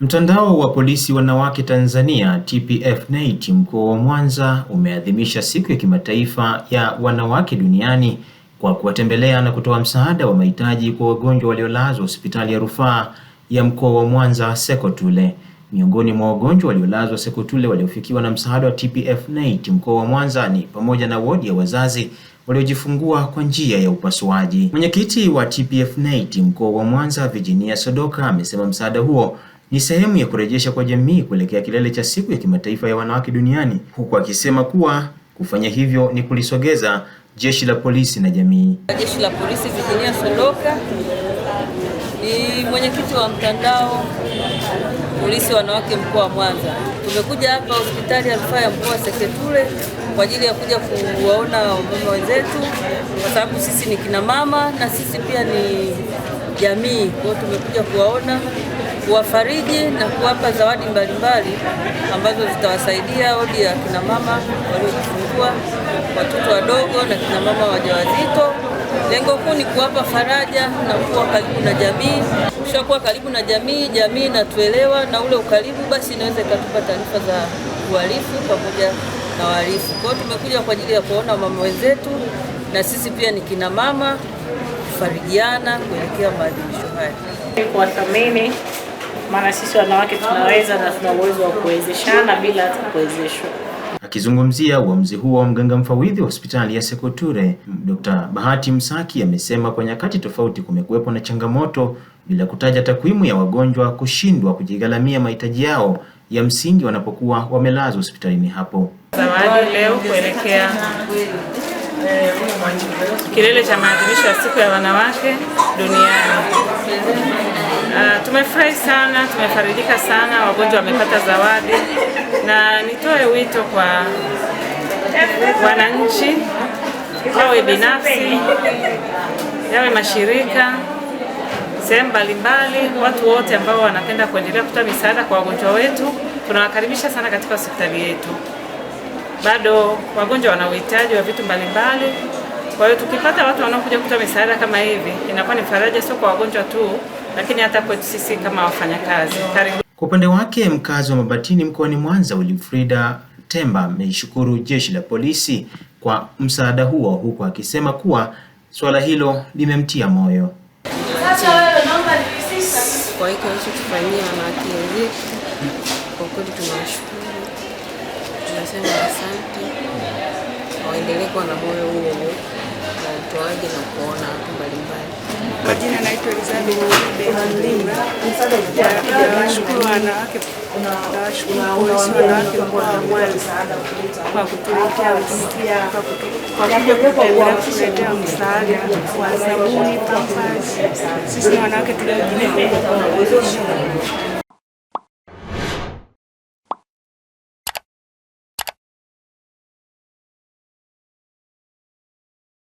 Mtandao wa polisi wanawake Tanzania TPF-NET mkoa wa Mwanza umeadhimisha siku ya kimataifa ya wanawake duniani kwa kuwatembelea na kutoa msaada wa mahitaji kwa wagonjwa waliolazwa hospitali ya rufaa ya mkoa wa Mwanza Sekotule. Miongoni mwa wagonjwa waliolazwa Sekotule waliofikiwa na msaada wa TPF-NET mkoa wa Mwanza ni pamoja na wodi ya wazazi waliojifungua kwa njia ya upasuaji. Mwenyekiti wa TPF-NET mkoa wa Mwanza Virginia Sodoka amesema msaada huo ni sehemu ya kurejesha kwa jamii kuelekea kilele cha Siku ya Kimataifa ya Wanawake Duniani, huku akisema kuwa kufanya hivyo ni kulisogeza jeshi la polisi na jamii. Jeshi la polisi Virginia Soloka ni mwenyekiti wa mtandao polisi wanawake mkoa wa Mwanza. Tumekuja hapa hospitali ya rufaa ya mkoa Seketure kwa ajili ya kuja kuwaona wamama wenzetu, kwa sababu sisi ni kina mama na sisi pia ni jamii, kwa hiyo tumekuja kuwaona kuwafariji na kuwapa zawadi mbalimbali ambazo zitawasaidia wodi ya kina mama waliojifungua, watoto wadogo na kina mama wajawazito. Lengo kuu ni kuwapa faraja na kuwa karibu na jamii. kuwa karibu na jamii, jamii inatuelewa, na ule ukaribu basi inaweza ikatupa taarifa za uhalifu pamoja na wahalifu. Kwa hiyo tumekuja kwa ajili ya kuona mama wenzetu na sisi pia ni kina mama kufarijiana kuelekea maadhimisho haya. kuwathamini maana sisi wanawake tunaweza na tuna uwezo wa kuwezeshana bila hata kuwezeshwa. Akizungumzia uamuzi huo wa mganga mfawidhi wa hospitali ya Sekoture, Dr. Bahati Msaki amesema kwa nyakati tofauti kumekuwepo na changamoto, bila kutaja takwimu ya wagonjwa kushindwa kujigharamia mahitaji yao ya msingi wanapokuwa wamelazwa hospitalini hapo. Zawadi leo kuelekea eh, kilele cha maadhimisho ya siku ya wanawake duniani Ah, tumefurahi sana, tumefarijika sana, wagonjwa wamepata zawadi, na nitoe wito kwa wananchi, wawe binafsi, yawe mashirika, sehemu mbalimbali, watu wote ambao wanapenda kuendelea kutoa misaada kwa wagonjwa wetu, tunawakaribisha sana katika hospitali yetu. Bado wagonjwa wana uhitaji wa vitu mbalimbali kwa hiyo tukipata watu wanaokuja kutoa misaada kama hivi, inakuwa ni faraja, sio kwa wagonjwa tu, lakini hata kwetu sisi kama wafanyakazi. Karibu. Kwa upande wake mkazi wa Mabatini mkoani Mwanza, Wilfrida Temba ameishukuru Jeshi la Polisi kwa msaada huo, huku akisema kuwa swala hilo limemtia moyo. Sasa wewe naomba Kwa hiyo hicho walichotufanyia na wetu, kwa kweli tunawashukuru, tunasema asante, waendelee kuwa na moyo huo utoaji na kuona watu mbalimbali. Kwa naitwa Elizabeth Mlimba. Nawashukuru wanawake wanawake mkoa wa Mwanza kwa kutuletea kuja kutembelea kutuletea msaada wa sabuni, pampasi. Sisi wanawake tuliojiweza